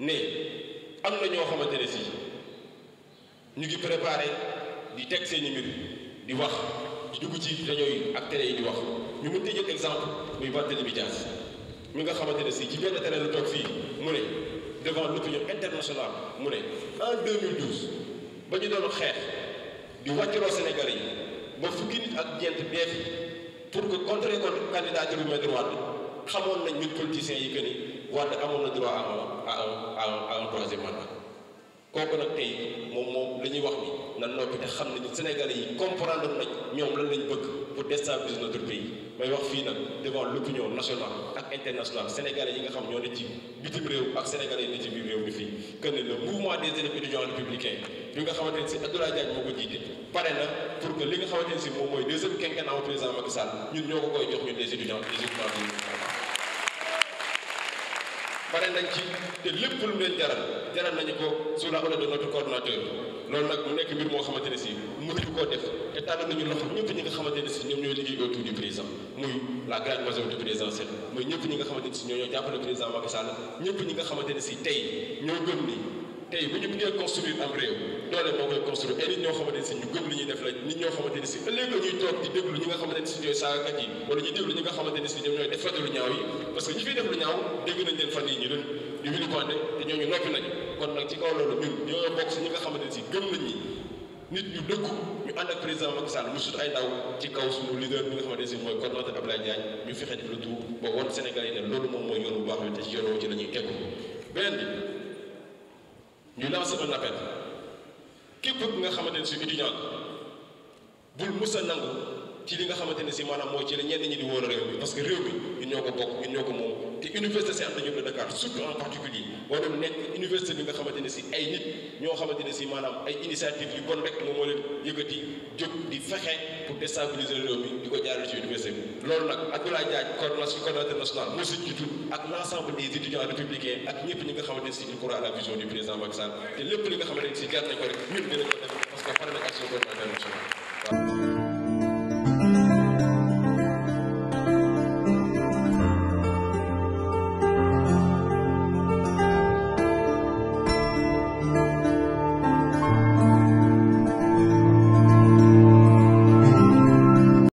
Mais, nous nous ñoo ne nous ñu préparé des textes et des di wax des ci ak télé yi di wax exemple muy nga télé la devant l'opinion internationale en 2012 nous avons fait des di Sénégalais ba pour que contrer contre candidature nous Maître Wade xamoon politiciens wante droit à un troisième mandat Sénégalais comprendre pour déstabiliser notre pays Mais wax devant l'opinion nationale et internationale sénégalais yi nga xam ñoo ak sénégalais que le mouvement des étudiants républicains nga Abdoulaye Diagne pour que li nga ci deuxième quinquennat Macky des étudiants des pare nañ ci te lépp lu leen jaral jaral nañu ko sous la houlette de notre coordonnateur loolu nag mu nekk mbir moo xamante ne si mënuñu koo def te tànn loxo ñëpp ñi nga xamante ne si ñoom ñooy liggéey autour du ñëpp ñi nga xamante ne si ñoo ñoo jàppale président Macky Sall ñëpp ñi nga xamante ne si tey ñoo gëm ni tey bu ñu bëggee construire am réew doole moom suñu ay nit ñoo xamante ne si ñu gëm li ñuy def la nit ñoo xamante ne si ëllëg ñuy toog nag ci kaw loolu ñun ne si gëm nañ ñi nit ñu dëkku ñu ànd ak président Macky Sall mu sut ay ndaw ci ñu fexe def lu tout ba woon Sénégalais yi loolu moom mooy yoon bu baax bi te ci yoon woo ci la ñuy beneen bi ñu lancer un appel képp ku nga xamante ne si étudiant bul mus a ci li nga xamante ne si maanaam mooy ci la ñenn ñi di wóor réew mi parce que réew mi ñun ñoo ko bokk ñun ñoo ko moom te université Cheikh Anta Diop de Dakar surtout en particulier waroon nekk université bi nga xamante ne si ay nit ñoo xamante ne si maanaam ay initiative yu bon rek moom moo leen yëkkati jóg di fexe pour déstabiliser réew mi di ko jaarale ci université bi loolu nag Abdoulaye Diagne coordination coordinateur national moo si jiitu ak l' ensemble des étudiants républicains ak ñëpp ñi nga xamante ne si ils croient la vision du président Macky Sall te lépp li nga xamante ne si gàtt nañ ko rek ñun dinañ ko def parce que pare nañ ak coordinateur national